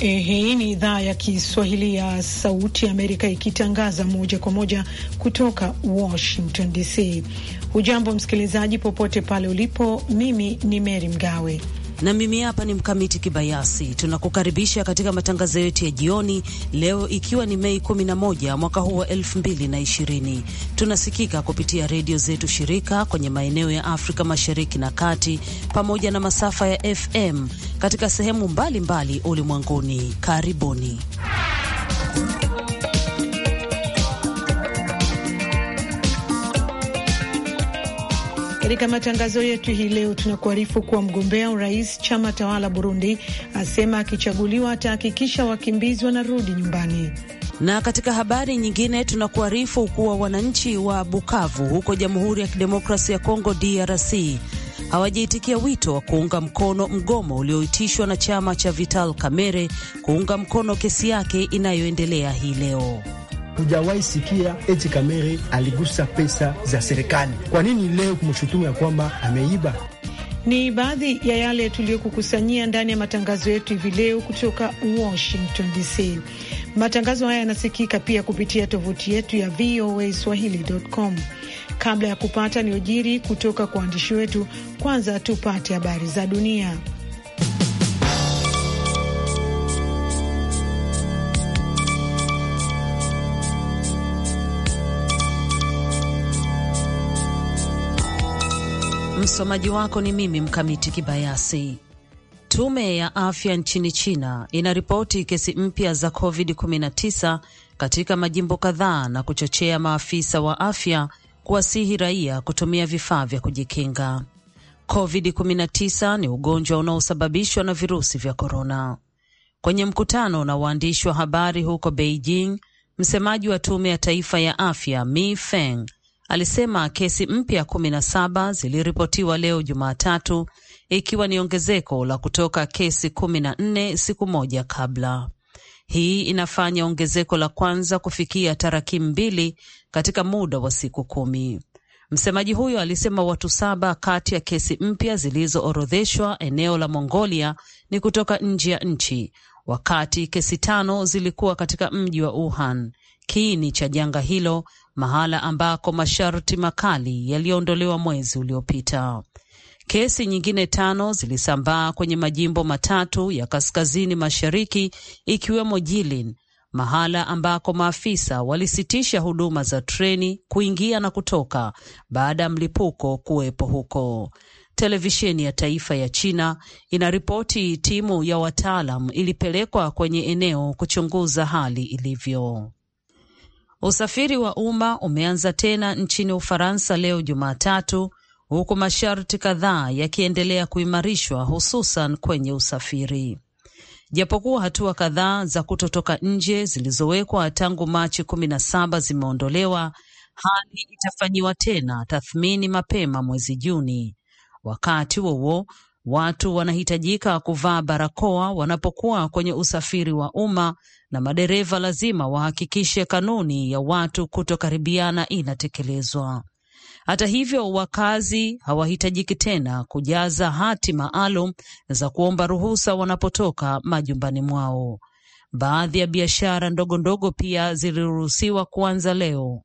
E, hii ni idhaa ya Kiswahili ya Sauti ya Amerika ikitangaza moja kwa moja kutoka Washington DC. Hujambo msikilizaji, popote pale ulipo. Mimi ni Mary Mgawe na mimi hapa ni Mkamiti Kibayasi. Tunakukaribisha katika matangazo yetu ya jioni leo, ikiwa ni Mei 11 mwaka huu wa 2020. Tunasikika kupitia redio zetu shirika kwenye maeneo ya Afrika Mashariki na Kati, pamoja na masafa ya FM katika sehemu mbalimbali ulimwenguni. Karibuni. Katika matangazo yetu hii leo tunakuarifu kuwa mgombea urais chama tawala Burundi asema akichaguliwa atahakikisha wakimbizi wanarudi nyumbani. Na katika habari nyingine tunakuarifu kuwa wananchi wa Bukavu huko Jamhuri ya Kidemokrasia ya Kongo DRC hawajaitikia wito wa kuunga mkono mgomo ulioitishwa na chama cha Vital Kamerhe kuunga mkono kesi yake inayoendelea hii leo hujawahi sikia eti Kamere aligusa pesa za serikali. Kwa nini leo kumshutumu ya kwamba ameiba? Ni baadhi ya yale tuliyokukusanyia ndani ya matangazo yetu hivi leo kutoka Washington DC. Matangazo haya yanasikika pia kupitia tovuti yetu ya VOA Swahili.com. Kabla ya kupata niojiri kutoka kwa waandishi wetu, kwanza tupate habari za dunia. Msomaji wako ni mimi Mkamiti Kibayasi. Tume ya afya nchini China inaripoti kesi mpya za COVID-19 katika majimbo kadhaa na kuchochea maafisa wa afya kuwasihi raia kutumia vifaa vya kujikinga. COVID-19 ni ugonjwa unaosababishwa na virusi vya korona. Kwenye mkutano na waandishi wa habari huko Beijing, msemaji wa tume ya taifa ya afya Mi Feng alisema kesi mpya kumi na saba ziliripotiwa leo Jumatatu, ikiwa ni ongezeko la kutoka kesi kumi na nne siku moja kabla. Hii inafanya ongezeko la kwanza kufikia tarakimu mbili katika muda wa siku kumi. Msemaji huyo alisema watu saba kati ya kesi mpya zilizoorodheshwa eneo la Mongolia ni kutoka nje ya nchi, wakati kesi tano zilikuwa katika mji wa Wuhan, kiini cha janga hilo, mahala ambako masharti makali yaliyoondolewa mwezi uliopita. Kesi nyingine tano zilisambaa kwenye majimbo matatu ya kaskazini mashariki ikiwemo Jilin, mahala ambako maafisa walisitisha huduma za treni kuingia na kutoka baada ya mlipuko kuwepo huko. Televisheni ya taifa ya China inaripoti timu ya wataalam ilipelekwa kwenye eneo kuchunguza hali ilivyo. Usafiri wa umma umeanza tena nchini Ufaransa leo Jumatatu, huku masharti kadhaa yakiendelea kuimarishwa, hususan kwenye usafiri. Japokuwa hatua kadhaa za kutotoka nje zilizowekwa tangu Machi kumi na saba zimeondolewa, hali itafanyiwa tena tathmini mapema mwezi Juni. Wakati huo huo, Watu wanahitajika kuvaa barakoa wanapokuwa kwenye usafiri wa umma na madereva lazima wahakikishe kanuni ya watu kutokaribiana inatekelezwa. Hata hivyo, wakazi hawahitajiki tena kujaza hati maalum za kuomba ruhusa wanapotoka majumbani mwao. Baadhi ya biashara ndogo ndogo pia ziliruhusiwa kuanza leo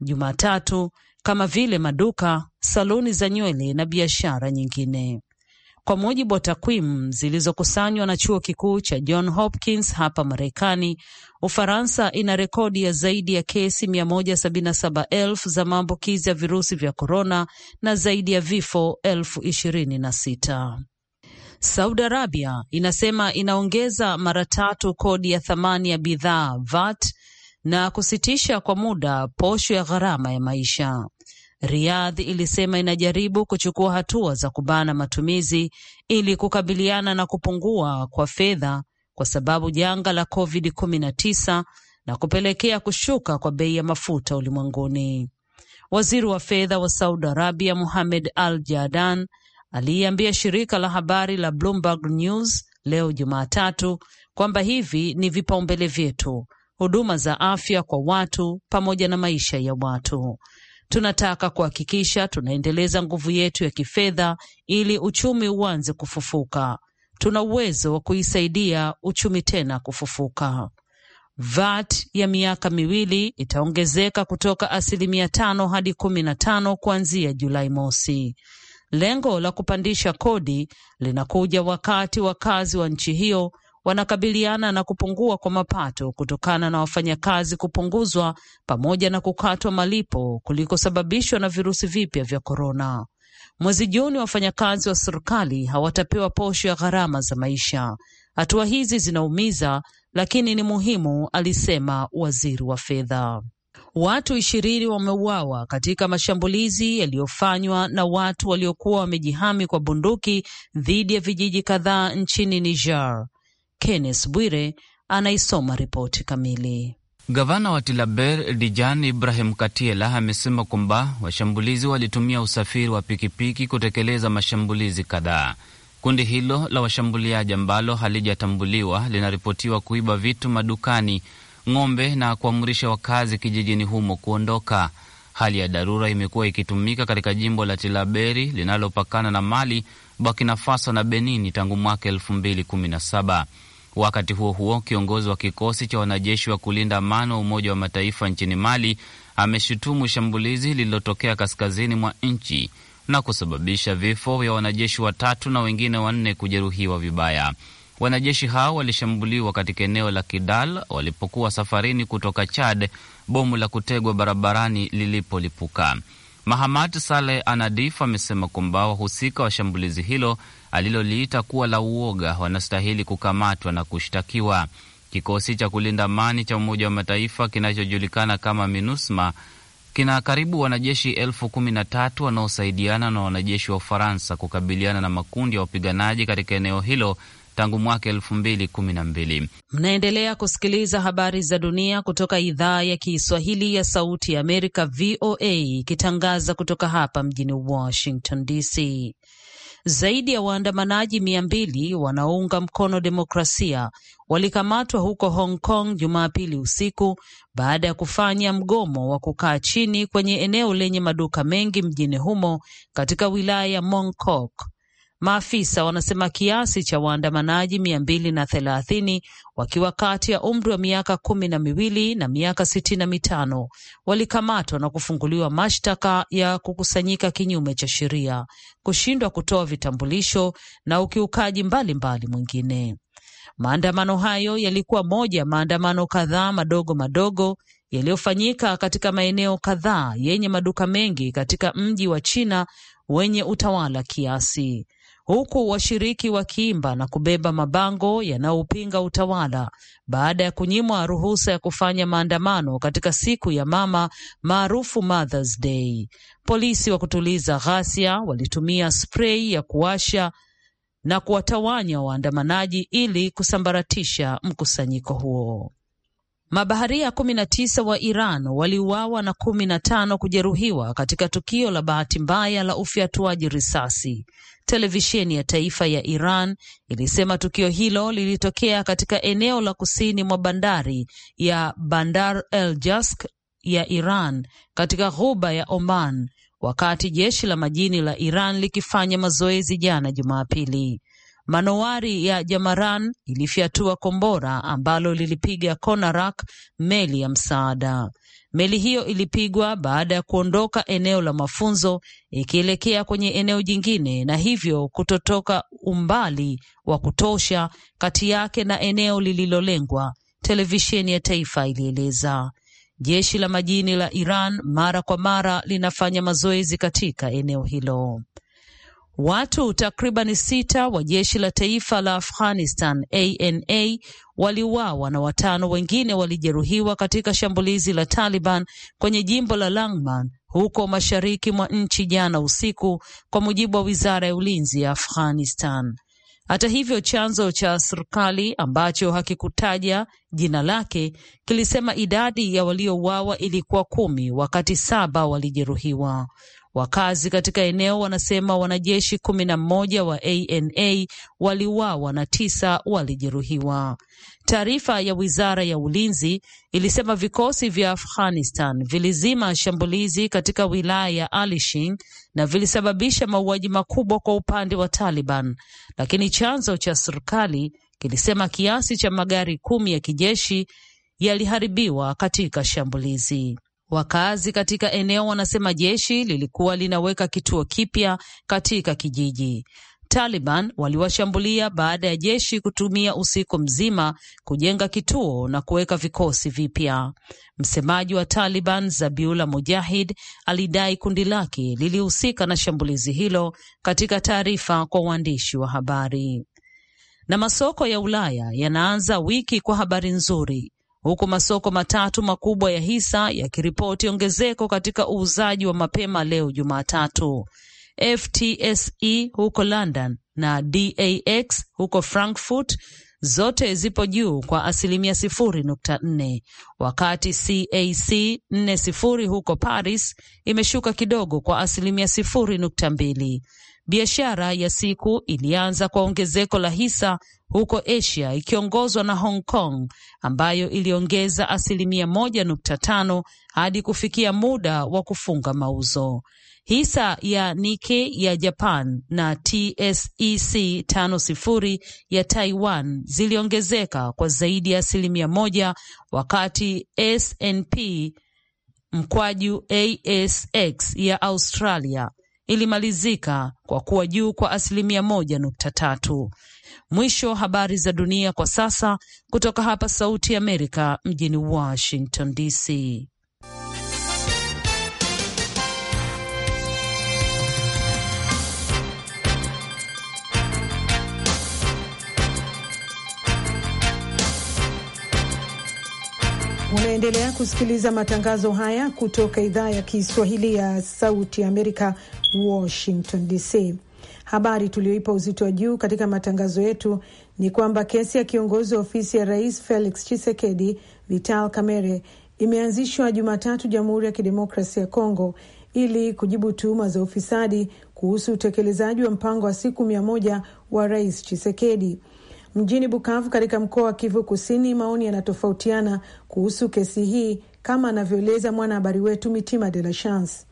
Jumatatu, kama vile maduka, saluni za nywele na biashara nyingine. Kwa mujibu wa takwimu zilizokusanywa na chuo kikuu cha John Hopkins hapa Marekani, Ufaransa ina rekodi ya zaidi ya kesi 177,000 za maambukizi ya virusi vya korona na zaidi ya vifo elfu ishirini na sita. Saudi Arabia inasema inaongeza mara tatu kodi ya thamani ya bidhaa VAT na kusitisha kwa muda posho ya gharama ya maisha. Riyadh ilisema inajaribu kuchukua hatua za kubana matumizi ili kukabiliana na kupungua kwa fedha kwa sababu janga la COVID-19 na kupelekea kushuka kwa bei ya mafuta ulimwenguni. Waziri wa fedha wa Saudi Arabia muhamed Al jadan aliiambia shirika la habari la Bloomberg News leo Jumatatu kwamba hivi ni vipaumbele vyetu: huduma za afya kwa watu pamoja na maisha ya watu tunataka kuhakikisha tunaendeleza nguvu yetu ya kifedha ili uchumi uanze kufufuka. Tuna uwezo wa kuisaidia uchumi tena kufufuka. VAT ya miaka miwili itaongezeka kutoka asilimia tano hadi kumi na tano kuanzia Julai mosi. Lengo la kupandisha kodi linakuja wakati wakazi wa nchi hiyo wanakabiliana na kupungua kwa mapato kutokana na wafanyakazi kupunguzwa pamoja na kukatwa malipo kulikosababishwa na virusi vipya vya korona. Mwezi Juni, wafanyakazi wa serikali hawatapewa posho ya gharama za maisha. Hatua hizi zinaumiza, lakini ni muhimu, alisema waziri wa fedha. Watu ishirini wameuawa katika mashambulizi yaliyofanywa na watu waliokuwa wamejihami kwa bunduki dhidi ya vijiji kadhaa nchini Niger. Kenneth Bwire anaisoma ripoti kamili. Gavana wa Tilaber Dijan Ibrahim Katiela amesema kwamba washambulizi walitumia usafiri wa pikipiki kutekeleza mashambulizi kadhaa. Kundi hilo la washambuliaji ambalo halijatambuliwa linaripotiwa kuiba vitu madukani, ng'ombe na kuamrisha wakazi kijijini humo kuondoka. Hali ya dharura imekuwa ikitumika katika jimbo la Tilaberi linalopakana na Mali, Burkina Faso na Benini tangu mwaka elfu mbili kumi na saba. Wakati huo huo, kiongozi wa kikosi cha wanajeshi wa kulinda amani wa Umoja wa Mataifa nchini Mali ameshutumu shambulizi lililotokea kaskazini mwa nchi na kusababisha vifo vya wanajeshi watatu na wengine wanne kujeruhiwa vibaya. Wanajeshi hao walishambuliwa katika eneo la Kidal walipokuwa safarini kutoka Chad, bomu la kutegwa barabarani lilipolipuka. Mahamad Saleh Anadif amesema kwamba wahusika wa shambulizi hilo aliloliita kuwa la uoga wanastahili kukamatwa na kushtakiwa. Kikosi cha kulinda amani cha Umoja wa Mataifa kinachojulikana kama MINUSMA kina karibu wanajeshi elfu kumi na tatu wanaosaidiana na wanajeshi wa Ufaransa kukabiliana na makundi ya wapiganaji katika eneo hilo tangu mwaka elfu mbili kumi na mbili. Mnaendelea kusikiliza habari za dunia kutoka idhaa ya Kiswahili ya Sauti ya Amerika, VOA, ikitangaza kutoka hapa mjini Washington DC. Zaidi ya waandamanaji mia mbili wanaounga mkono demokrasia walikamatwa huko Hong Kong Jumapili usiku baada ya kufanya mgomo wa kukaa chini kwenye eneo lenye maduka mengi mjini humo katika wilaya ya Mong Kok. Maafisa wanasema kiasi cha waandamanaji mia mbili na thelathini wakiwa kati ya umri wa miaka kumi na miwili na miaka sitini na mitano walikamatwa na kufunguliwa mashtaka ya kukusanyika kinyume cha sheria, kushindwa kutoa vitambulisho na ukiukaji mbalimbali mwingine. Maandamano hayo yalikuwa moja ya maandamano kadhaa madogo madogo yaliyofanyika katika maeneo kadhaa yenye maduka mengi katika mji wa China wenye utawala kiasi huku washiriki wakiimba na kubeba mabango yanayopinga utawala baada ya kunyimwa ruhusa ya kufanya maandamano katika siku ya mama maarufu Mothers Day. Polisi wa kutuliza ghasia walitumia sprei ya kuwasha na kuwatawanya waandamanaji ili kusambaratisha mkusanyiko huo. Mabaharia kumi na tisa wa Iran waliuawa na kumi na tano kujeruhiwa katika tukio la bahati mbaya la ufyatuaji risasi Televisheni ya taifa ya Iran ilisema tukio hilo lilitokea katika eneo la kusini mwa bandari ya Bandar el Jask ya Iran katika ghuba ya Oman wakati jeshi la majini la Iran likifanya mazoezi jana Jumapili. Manowari ya Jamaran ilifyatua kombora ambalo lilipiga Konarak, meli ya msaada. Meli hiyo ilipigwa baada ya kuondoka eneo la mafunzo ikielekea kwenye eneo jingine, na hivyo kutotoka umbali wa kutosha kati yake na eneo lililolengwa, televisheni ya taifa ilieleza. Jeshi la majini la Iran mara kwa mara linafanya mazoezi katika eneo hilo. Watu takribani sita wa jeshi la taifa la Afghanistan ana waliuawa na watano wengine walijeruhiwa katika shambulizi la Taliban kwenye jimbo la Langman huko mashariki mwa nchi jana usiku, kwa mujibu wa wizara ya ulinzi ya Afghanistan. Hata hivyo, chanzo cha serikali ambacho hakikutaja jina lake kilisema idadi ya waliouawa ilikuwa kumi wakati saba walijeruhiwa. Wakazi katika eneo wanasema wanajeshi kumi na mmoja wa ANA waliuawa na tisa walijeruhiwa. Taarifa ya wizara ya ulinzi ilisema vikosi vya Afghanistan vilizima shambulizi katika wilaya ya Alishin na vilisababisha mauaji makubwa kwa upande wa Taliban, lakini chanzo cha serikali kilisema kiasi cha magari kumi ya kijeshi yaliharibiwa katika shambulizi. Wakazi katika eneo wanasema jeshi lilikuwa linaweka kituo kipya katika kijiji. Taliban waliwashambulia baada ya jeshi kutumia usiku mzima kujenga kituo na kuweka vikosi vipya. Msemaji wa Taliban zabiula Mujahid alidai kundi lake lilihusika na shambulizi hilo katika taarifa kwa waandishi wa habari. Na masoko ya Ulaya yanaanza wiki kwa habari nzuri huku masoko matatu makubwa ya hisa yakiripoti ongezeko katika uuzaji wa mapema leo Jumatatu: FTSE huko London na DAX huko Frankfurt zote zipo juu kwa asilimia sifuri nukta nne wakati CAC nne sifuri huko Paris imeshuka kidogo kwa asilimia sifuri nukta mbili. Biashara ya siku ilianza kwa ongezeko la hisa huko Asia ikiongozwa na Hong Kong ambayo iliongeza asilimia moja nukta tano hadi kufikia muda wa kufunga mauzo. Hisa ya nike ya Japan na TSEC sifuri ya Taiwan ziliongezeka kwa zaidi ya asilimia moja wakati SNP mkwaju ASX ya Australia ilimalizika kwa kuwa juu kwa asilimia moja nukta tatu. Mwisho wa habari za dunia kwa sasa, kutoka hapa Sauti ya Amerika mjini Washington DC. Unaendelea kusikiliza matangazo haya kutoka idhaa ya Kiswahili ya Sauti ya Amerika, Washington DC. Habari tuliyoipa uzito wa juu katika matangazo yetu ni kwamba kesi ya kiongozi wa ofisi ya rais Felix Chisekedi Vital Kamere imeanzishwa Jumatatu Jamhuri ya Kidemokrasia ya Kongo ili kujibu tuhuma za ufisadi kuhusu utekelezaji wa mpango wa siku mia moja wa rais Chisekedi. Mjini Bukavu katika mkoa wa Kivu Kusini, maoni yanatofautiana kuhusu kesi hii, kama anavyoeleza mwanahabari wetu Mitima De La Chance.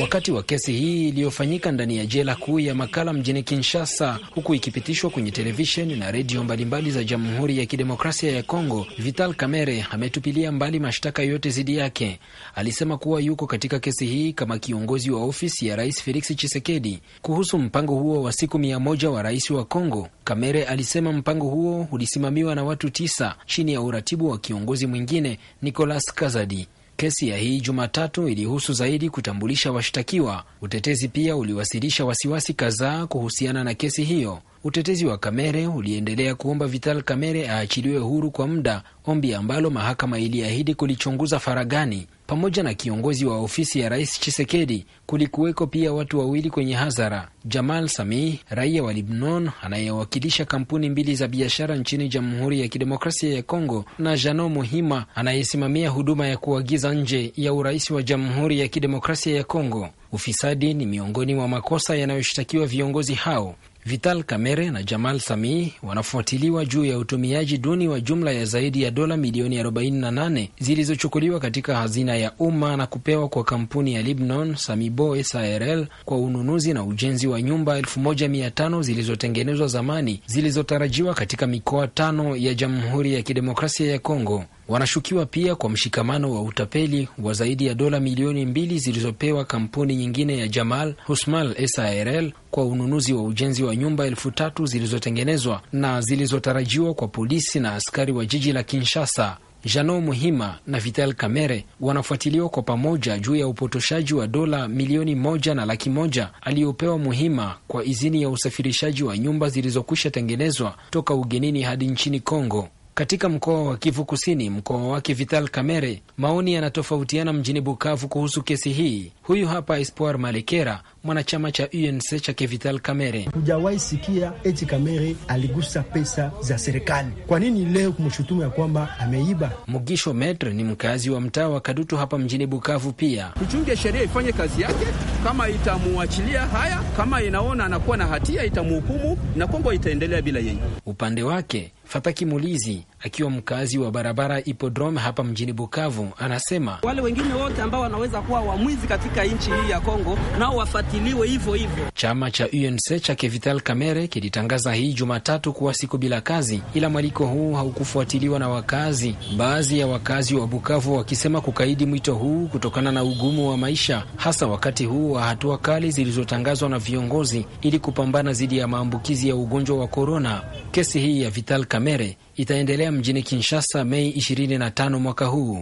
Wakati wa kesi hii iliyofanyika ndani ya jela kuu ya Makala mjini Kinshasa, huku ikipitishwa kwenye televisheni na redio mbalimbali za Jamhuri ya Kidemokrasia ya Kongo, Vital Kamerhe ametupilia mbali mashtaka yote dhidi yake. Alisema kuwa yuko katika kesi hii kama kiongozi wa ofisi ya Rais Felix Tshisekedi kuhusu mpango huo wa siku mia moja wa rais wa Kongo. Kamerhe alisema mpango huo ulisimamiwa na watu tisa chini ya uratibu wa kiongozi mwingine Nicolas Kazadi. Kesi ya hii Jumatatu ilihusu zaidi kutambulisha washtakiwa. Utetezi pia uliwasilisha wasiwasi kadhaa kuhusiana na kesi hiyo. Utetezi wa Kamere uliendelea kuomba Vital Kamere aachiliwe huru kwa muda, ombi ambalo mahakama iliahidi kulichunguza faragani pamoja na kiongozi wa ofisi ya rais Chisekedi. Kulikuweko pia watu wawili kwenye hadhara, Jamal Sami, raia wa libnon anayewakilisha kampuni mbili za biashara nchini Jamhuri ya Kidemokrasia ya Kongo, na Jano Muhima anayesimamia huduma ya kuagiza nje ya urais wa Jamhuri ya Kidemokrasia ya Kongo. Ufisadi ni miongoni mwa makosa yanayoshtakiwa viongozi hao. Vital Kamerhe na Jamal Samii wanafuatiliwa juu ya utumiaji duni wa jumla ya zaidi ya dola milioni 48 zilizochukuliwa katika hazina ya umma na kupewa kwa kampuni ya libnon Samibo SARL er kwa ununuzi na ujenzi wa nyumba 1500 zilizotengenezwa zamani zilizotarajiwa katika mikoa tano ya Jamhuri ya Kidemokrasia ya Kongo. Wanashukiwa pia kwa mshikamano wa utapeli wa zaidi ya dola milioni mbili zilizopewa kampuni nyingine ya Jamal Husmal SARL kwa ununuzi wa ujenzi wa nyumba elfu tatu zilizotengenezwa na zilizotarajiwa kwa polisi na askari wa jiji la Kinshasa. Jano Muhima na Vital Kamere wanafuatiliwa kwa pamoja juu ya upotoshaji wa dola milioni moja na laki moja aliyopewa Muhima kwa idhini ya usafirishaji wa nyumba zilizokwisha tengenezwa toka ugenini hadi nchini Kongo. Katika mkoa wa Kivu Kusini, mkoa wake Vital Kamerhe, maoni yanatofautiana mjini Bukavu kuhusu kesi hii. Huyu hapa Espoir Malekera, mwanachama cha UNC cha kivital kamere Hujawahi sikia eti kamere aligusa pesa za serikali, kwa nini leo kumshutumu ya kwamba ameiba? Mugisho Metre ni mkazi wa mtaa wa Kadutu hapa mjini Bukavu. Pia tuchunge sheria ifanye kazi yake, kama itamuachilia haya, kama inaona anakuwa na hatia itamuhukumu, na kwamba itaendelea bila yenye upande wake Fataki Mulizi akiwa mkazi wa barabara Ipodrome hapa mjini Bukavu, anasema wale wengine wote ambao wanaweza kuwa wamwizi katika nchi hii ya Kongo nao wafatiliwe hivyo hivyo. Chama cha UNC chake Vital Kamere kilitangaza hii Jumatatu kuwa siku bila kazi, ila mwaliko huu haukufuatiliwa na wakazi, baadhi ya wakazi wa Bukavu wakisema kukaidi mwito huu kutokana na ugumu wa maisha, hasa wakati huu wa hatua kali zilizotangazwa na viongozi ili kupambana dhidi ya maambukizi ya ugonjwa wa korona. Kesi hii ya Vital Kamere itaendelea mjini Kinshasa Mei 25 mwaka huu.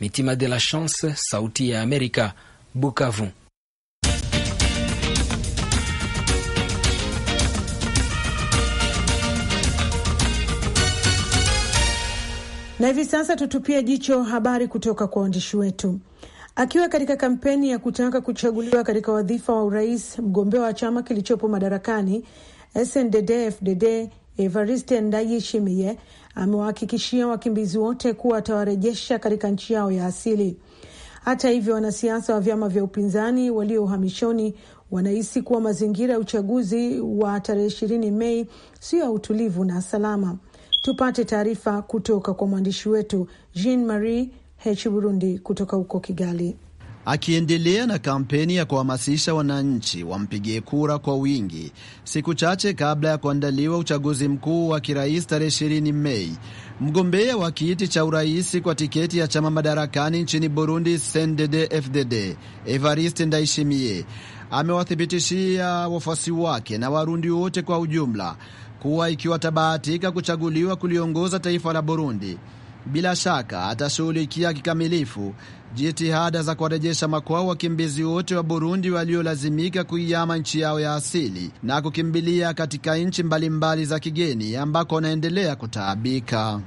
Mitima de la Chance, Sauti ya Amerika, Bukavu. Na hivi sasa tutupie jicho habari kutoka kwa waandishi wetu. Akiwa katika kampeni ya kutaka kuchaguliwa katika wadhifa wa urais, mgombea wa chama kilichopo madarakani SNDD-FDD Evariste Ndayishimiye amewahakikishia wakimbizi wote kuwa atawarejesha katika nchi yao ya asili. Hata hivyo, wanasiasa wa vyama vya upinzani walio uhamishoni wanahisi kuwa mazingira ya uchaguzi wa tarehe ishirini Mei sio ya utulivu na salama. Tupate taarifa kutoka kwa mwandishi wetu Jean Marie H Burundi kutoka huko Kigali akiendelea na kampeni ya kuhamasisha wananchi wampigie kura kwa wingi siku chache kabla ya kuandaliwa uchaguzi mkuu wa kirais tarehe 20 Mei. Mgombea wa kiti cha urais kwa tiketi ya chama madarakani nchini Burundi CNDD-FDD Evariste Ndayishimiye amewathibitishia wafuasi wake na Warundi wote kwa ujumla kuwa ikiwa kuchaguliwa kuliongoza taifa la Burundi, bila shaka atashughulikia kikamilifu jitihada za kuwarejesha makwao wakimbizi wote wa Burundi waliolazimika kuiama nchi yao ya asili na kukimbilia katika nchi mbalimbali za kigeni ambako wanaendelea kutaabika.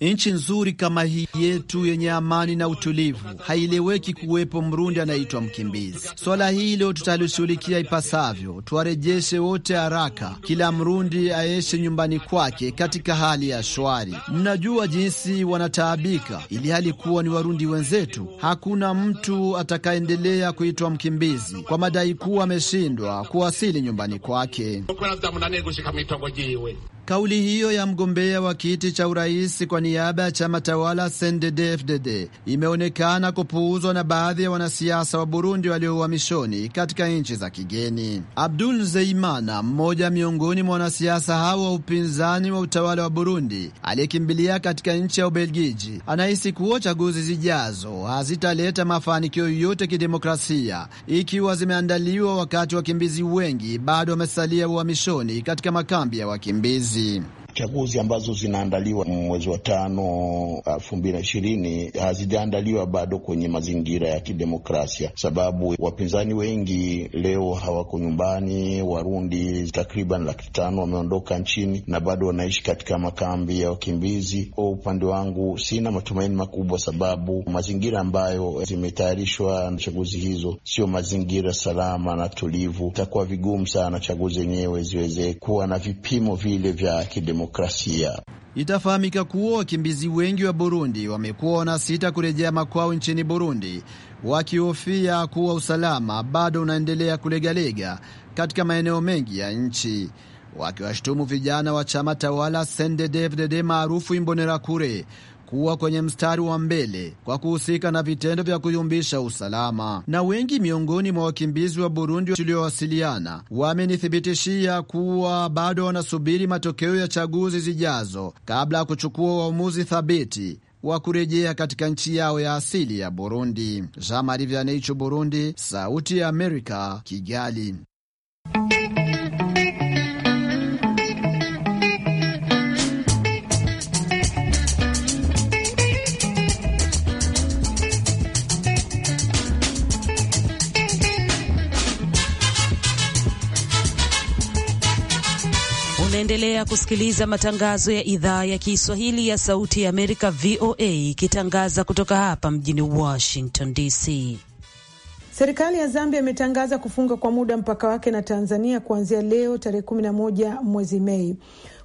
Nchi nzuri kama hii yetu yenye amani na utulivu, haieleweki kuwepo Mrundi anaitwa mkimbizi. Swala hilo tutalishughulikia ipasavyo, tuwarejeshe wote haraka, kila Mrundi aeshe nyumbani kwake katika hali ya shwari. Mnajua jinsi wanataabika, ili hali kuwa ni Warundi wenzetu. Hakuna mtu atakayeendelea kuitwa mkimbizi kwa madai kuwa ameshindwa kuwasili nyumbani kwake. Kauli hiyo ya mgombea wa kiti cha urais kwa niaba ya chama tawala CNDD-FDD imeonekana kupuuzwa na baadhi ya wanasiasa wa Burundi walio uhamishoni katika nchi za kigeni. Abdul Zeimana, mmoja miongoni mwa wanasiasa hao wa upinzani wa utawala wa Burundi aliyekimbilia katika nchi ya Ubelgiji, anahisi kuwa chaguzi zijazo hazitaleta mafanikio yoyote kidemokrasia ikiwa zimeandaliwa wakati wakimbizi wengi bado wamesalia uhamishoni katika makambi ya wakimbizi. kazi. chaguzi ambazo zinaandaliwa mwezi wa tano elfu mbili na ishirini hazijaandaliwa bado kwenye mazingira ya kidemokrasia, sababu wapinzani wengi leo hawako nyumbani. Warundi takriban laki tano wameondoka nchini na bado wanaishi katika makambi ya wakimbizi. Kwa upande wangu, sina matumaini makubwa, sababu mazingira ambayo zimetayarishwa na chaguzi hizo sio mazingira salama na tulivu. Itakuwa vigumu sana chaguzi zenyewe ziweze kuwa na vipimo vile vya kidemokrasia demokrasia. Itafahamika kuwa wakimbizi wengi wa Burundi wamekuwa wanasita kurejea makwao nchini Burundi, wakihofia kuwa usalama bado unaendelea kulegalega katika maeneo mengi ya nchi, wakiwashutumu vijana wa chama tawala CNDD-FDD maarufu Imbonerakure kuwa kwenye mstari wa mbele kwa kuhusika na vitendo vya kuyumbisha usalama, na wengi miongoni mwa wakimbizi wa Burundi tuliowasiliana wamenithibitishia kuwa bado wanasubiri matokeo ya chaguzi zijazo kabla ya kuchukua uamuzi thabiti wa kurejea katika nchi yao ya asili ya Burundi. Jean Marie Vianney, Burundi, Sauti ya Amerika, Kigali. Unaendelea kusikiliza matangazo ya idhaa ya Kiswahili ya Sauti ya Amerika, VOA, ikitangaza kutoka hapa mjini Washington DC. Serikali ya Zambia imetangaza kufunga kwa muda mpaka wake na Tanzania kuanzia leo tarehe 11 mwezi Mei.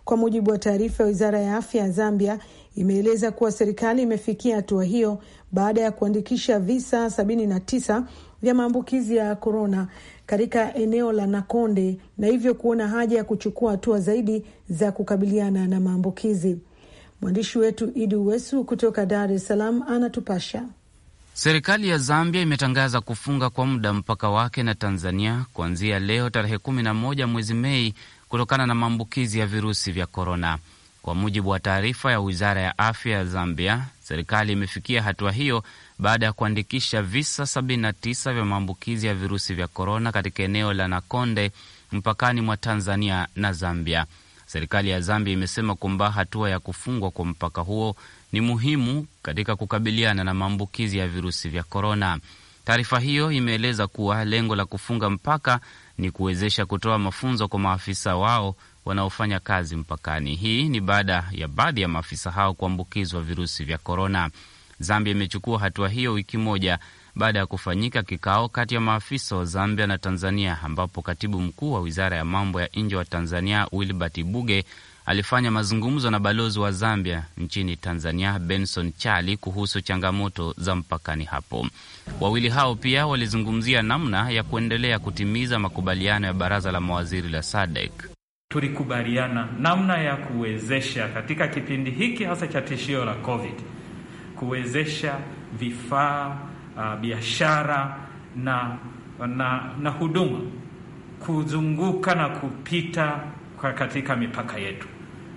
Kwa mujibu wa taarifa ya wizara ya afya ya Zambia, imeeleza kuwa serikali imefikia hatua hiyo baada ya kuandikisha visa 79 vya maambukizi ya korona katika eneo la Nakonde na hivyo kuona haja ya kuchukua hatua zaidi za kukabiliana na maambukizi. Mwandishi wetu Idi Uwesu kutoka Dar es Salaam anatupasha. Serikali ya Zambia imetangaza kufunga kwa muda mpaka wake na Tanzania kuanzia leo tarehe 11 mwezi Mei kutokana na maambukizi ya virusi vya korona. Kwa mujibu wa taarifa ya wizara ya afya ya Zambia, Serikali imefikia hatua hiyo baada ya kuandikisha visa 79 vya maambukizi ya virusi vya korona katika eneo la Nakonde mpakani mwa Tanzania na Zambia. Serikali ya Zambia imesema kwamba hatua ya kufungwa kwa mpaka huo ni muhimu katika kukabiliana na maambukizi ya virusi vya korona. Taarifa hiyo imeeleza kuwa lengo la kufunga mpaka ni kuwezesha kutoa mafunzo kwa maafisa wao wanaofanya kazi mpakani. Hii ni baada ya baadhi ya maafisa hao kuambukizwa virusi vya korona. Zambia imechukua hatua hiyo wiki moja baada ya kufanyika kikao kati ya maafisa wa Zambia na Tanzania, ambapo katibu mkuu wa wizara ya mambo ya nje wa Tanzania Wilbert Buge alifanya mazungumzo na balozi wa Zambia nchini Tanzania Benson Chali kuhusu changamoto za mpakani hapo. Wawili hao pia walizungumzia namna ya kuendelea kutimiza makubaliano ya baraza la mawaziri la SADC tulikubaliana namna ya kuwezesha katika kipindi hiki hasa cha tishio la COVID, kuwezesha vifaa uh, biashara na, na, na huduma kuzunguka na kupita kwa katika mipaka yetu.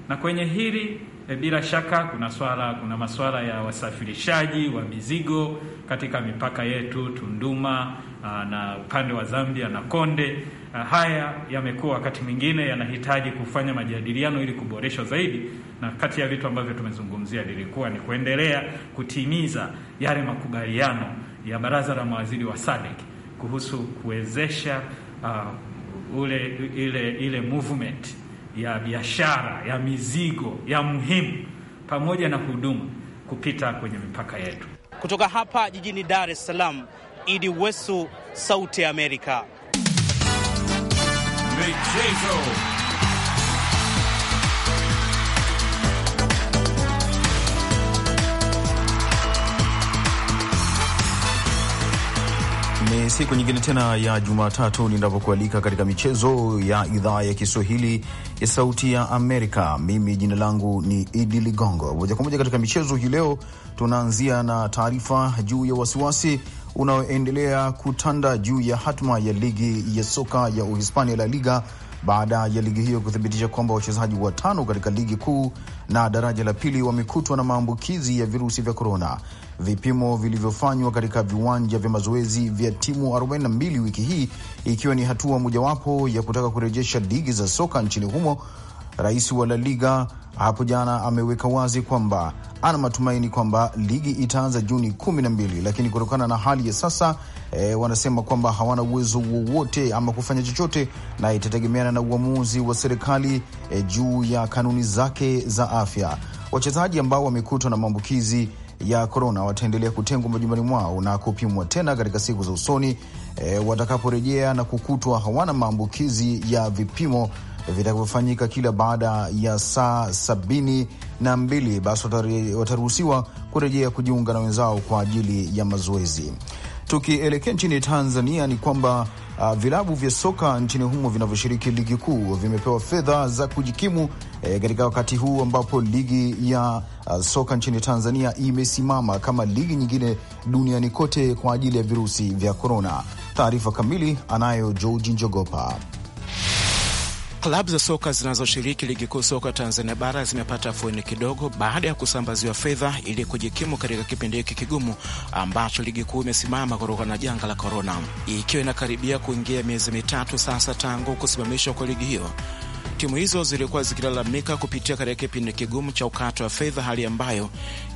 Na kwenye hili e, bila shaka kuna swala, kuna masuala ya wasafirishaji wa mizigo katika mipaka yetu Tunduma, uh, na upande wa Zambia na Konde Uh, haya yamekuwa wakati mwingine yanahitaji kufanya majadiliano ili kuboresha zaidi, na kati ya vitu ambavyo tumezungumzia lilikuwa ni kuendelea kutimiza yale makubaliano ya baraza la mawaziri wa SADC kuhusu kuwezesha uh, ule ile ile movement ya biashara ya mizigo ya muhimu pamoja na huduma kupita kwenye mipaka yetu. Kutoka hapa jijini Dar es Salaam, Idi Wesu, Sauti ya Amerika. Bechezo. Ni siku nyingine tena ya Jumatatu ninapokualika katika michezo ya idhaa ya Kiswahili ya Sauti ya Amerika. Mimi jina langu ni Idi Ligongo. Moja kwa moja katika michezo hii leo, tunaanzia na taarifa juu ya wasiwasi unaoendelea kutanda juu ya hatma ya ligi ya soka ya Uhispania, La Liga, baada ya ligi hiyo kuthibitisha kwamba wachezaji watano katika ligi kuu na daraja la pili wamekutwa na maambukizi ya virusi vya korona. Vipimo vilivyofanywa katika viwanja vya mazoezi vya timu 42 wiki hii, ikiwa ni hatua mojawapo ya kutaka kurejesha ligi za soka nchini humo Rais wa La Liga hapo jana ameweka wazi kwamba ana matumaini kwamba ligi itaanza Juni kumi na mbili, lakini kutokana na hali ya sasa e, wanasema kwamba hawana uwezo wowote ama kufanya chochote, na itategemeana na uamuzi wa serikali e, juu ya kanuni zake za afya. Wachezaji ambao wamekutwa na maambukizi ya korona wataendelea kutengwa majumbani mwao na kupimwa tena katika siku za usoni e, watakaporejea na kukutwa hawana maambukizi ya vipimo vitakavyofanyika kila baada ya saa sabini na mbili basi wataruhusiwa kurejea kujiunga na wenzao kwa ajili ya mazoezi. Tukielekea nchini Tanzania ni kwamba uh, vilabu vya soka nchini humo vinavyoshiriki ligi kuu vimepewa fedha za kujikimu eh, katika wakati huu ambapo ligi ya uh, soka nchini Tanzania imesimama kama ligi nyingine duniani kote kwa ajili ya virusi vya korona. Taarifa kamili anayo Georgi Njogopa. Klabu za soka zinazoshiriki ligi kuu soka Tanzania bara zimepata afueni kidogo baada ya kusambaziwa fedha ili kujikimu katika kipindi hiki kigumu ambacho ligi kuu imesimama kutokana na janga la korona, ikiwa inakaribia kuingia miezi mitatu sasa tangu kusimamishwa kwa ligi hiyo timu hizo zilikuwa zikilalamika kupitia katika kipindi kigumu cha ukato wa fedha, hali ambayo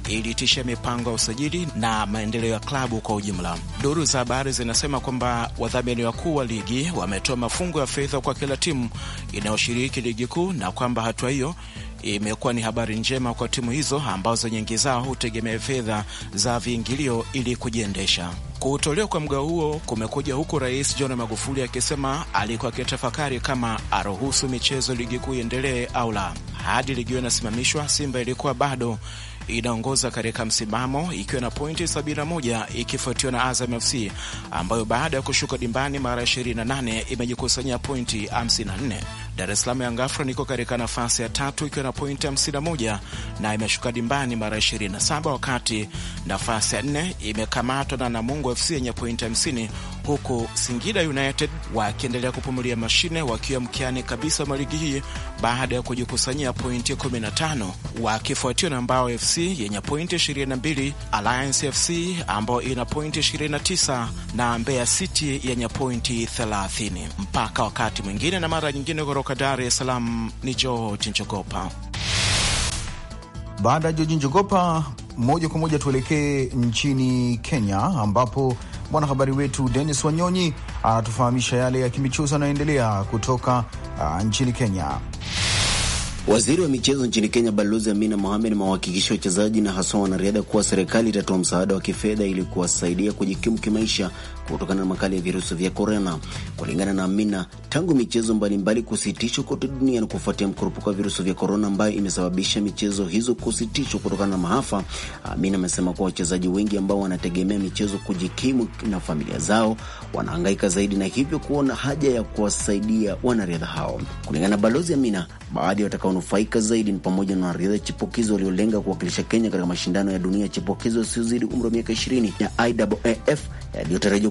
iliitisha mipango ya usajili na maendeleo ya klabu kwa ujumla. Duru za habari zinasema kwamba wadhamini wakuu wa ligi wametoa mafungo ya fedha kwa kila timu inayoshiriki ligi kuu na kwamba hatua hiyo imekuwa ni habari njema kwa timu hizo ambazo nyingi zao hutegemea fedha za viingilio ili kujiendesha. Kutolewa kwa mgao huo kumekuja huku Rais John Magufuli akisema alikuwa akitafakari kama aruhusu michezo ligi kuu iendelee au la. Hadi ligi hiyo inasimamishwa, Simba ilikuwa bado inaongoza katika msimamo ikiwa na pointi 71 ikifuatiwa na Azam FC ambayo baada ya kushuka dimbani mara 28 imejikusanyia pointi 54. Dar es Salaam Young Africans iko katika nafasi ya tatu ikiwa na pointi 51 na imeshuka dimbani mara 27, wakati nafasi ya nne imekamatwa na Namungo FC yenye pointi 50, huku Singida United wakiendelea kupumulia mashine wakiwa mkiani kabisa mwa ligi hii baada ya kujikusanyia pointi 15, wakifuatiwa na Mbao FC yenye pointi 22, Alliance FC ambayo ina pointi 29 na Mbeya City yenye pointi 30. Mpaka wakati mwingine na mara nyingine kutoka Dar es Salaam ni George Njogopa. Baada ya George Njogopa, moja kwa moja tuelekee nchini Kenya, ambapo mwanahabari wetu Denis Wanyonyi anatufahamisha yale ya kimichezo yanayoendelea kutoka uh, nchini Kenya. Waziri wa michezo nchini Kenya Balozi Amina Mohamed amewahakikishia wachezaji na haswa wanariadha kuwa serikali itatoa msaada wa kifedha ili kuwasaidia kujikimu kimaisha kutokana na makali ya virusi vya korona. Kulingana na Amina, tangu michezo mbalimbali kusitishwa kote duniani kufuatia mkurupuko wa virusi vya korona ambayo imesababisha michezo hizo kusitishwa kutokana na maafa, Amina amesema kuwa wachezaji wengi ambao wanategemea michezo kujikimu na familia zao wanahangaika zaidi na hivyo kuona haja ya kuwasaidia wanariadha hao. Kulingana na balozi Amina, baadhi ya watakaonufaika zaidi ni pamoja na wanariadha chipukizi waliolenga kuwakilisha Kenya katika mashindano ya dunia chipukizi wasiozidi umri wa miaka ishirini ya IAAF yaliyotarajiwa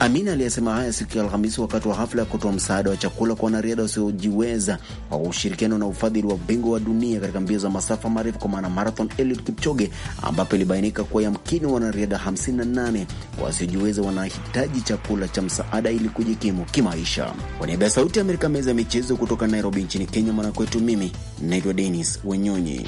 Amina aliyesema haya siku ya Alhamisi wakati wa hafla ya kutoa msaada wa chakula kwa wanariadha wasiojiweza kwa ushirikiano na ufadhili wa bingo wa dunia katika mbio za masafa marefu kwa maana marathon, Eliud Kipchoge, ambapo ilibainika kuwa yamkini wanariadha 58 wasiojiweza wanahitaji chakula cha msaada ili kujikimu kimaisha. Kwa niaba ya Sauti ya Amerika, meza ya michezo kutoka Nairobi nchini Kenya, mwanakwetu, mimi naitwa Denis Wenyonyi.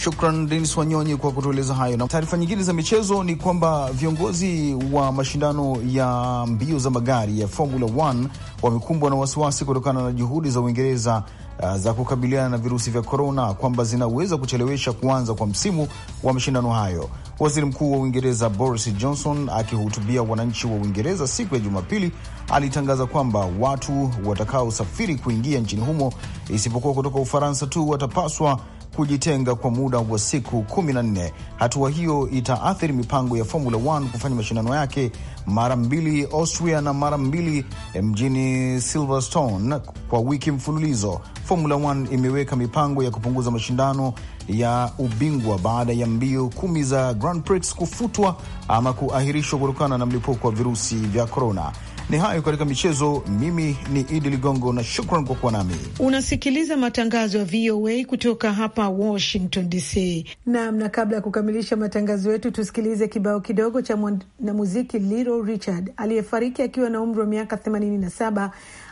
Shukran Denis Wanyonyi kwa kutueleza hayo. Na taarifa nyingine za michezo ni kwamba viongozi wa mashindano ya mbio za magari ya Formula 1 wamekumbwa na wasiwasi kutokana na juhudi za Uingereza Ah, za kukabiliana na virusi vya korona kwamba zinaweza kuchelewesha kuanza kwa msimu wa mashindano hayo. Waziri Mkuu wa Uingereza Boris Johnson akihutubia wananchi wa Uingereza siku ya Jumapili alitangaza kwamba watu watakaosafiri kuingia nchini humo isipokuwa kutoka Ufaransa tu watapaswa kujitenga kwa muda wa siku 14. Hatua hiyo itaathiri mipango ya Formula 1 kufanya mashindano yake mara mbili Austria na mara mbili eh, mjini Silverstone kwa wiki mfululizo. Formula 1 imeweka mipango ya kupunguza mashindano ya ubingwa baada ya mbio kumi za Grand Prix kufutwa ama kuahirishwa kutokana na mlipuko wa virusi vya korona. Ni hayo katika michezo. Mimi ni Idi Ligongo na shukran kwa kuwa nami. Unasikiliza matangazo ya VOA kutoka hapa Washington DC nam, na kabla ya kukamilisha matangazo yetu tusikilize kibao kidogo cha mwanamuziki Little Richard aliyefariki akiwa na umri wa miaka 87.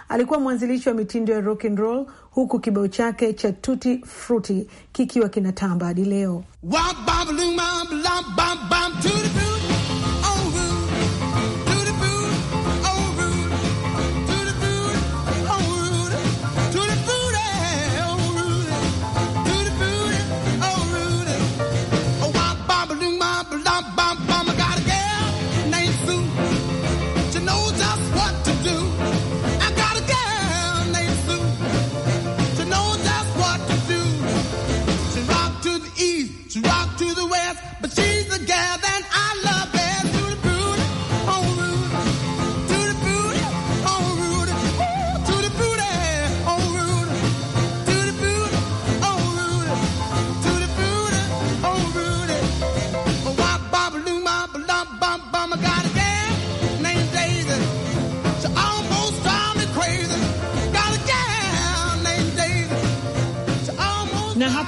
Alikuwa mwanzilishi wa mitindo ya rock and roll, huku kibao chake cha Tutti Frutti kikiwa kinatamba hadi leo.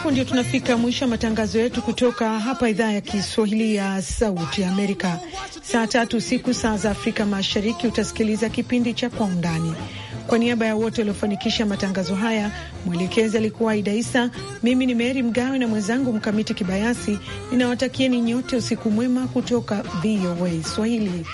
hapo ndio tunafika mwisho wa matangazo yetu kutoka hapa idhaa ya Kiswahili ya Sauti ya Amerika. Saa tatu usiku saa za Afrika Mashariki utasikiliza kipindi cha Kwa Undani. Kwa niaba ya wote waliofanikisha matangazo haya, mwelekezi alikuwa Aida Isa, mimi ni Meri Mgawe na mwenzangu Mkamiti Kibayasi. Ninawatakieni nyote usiku mwema kutoka VOA Swahili.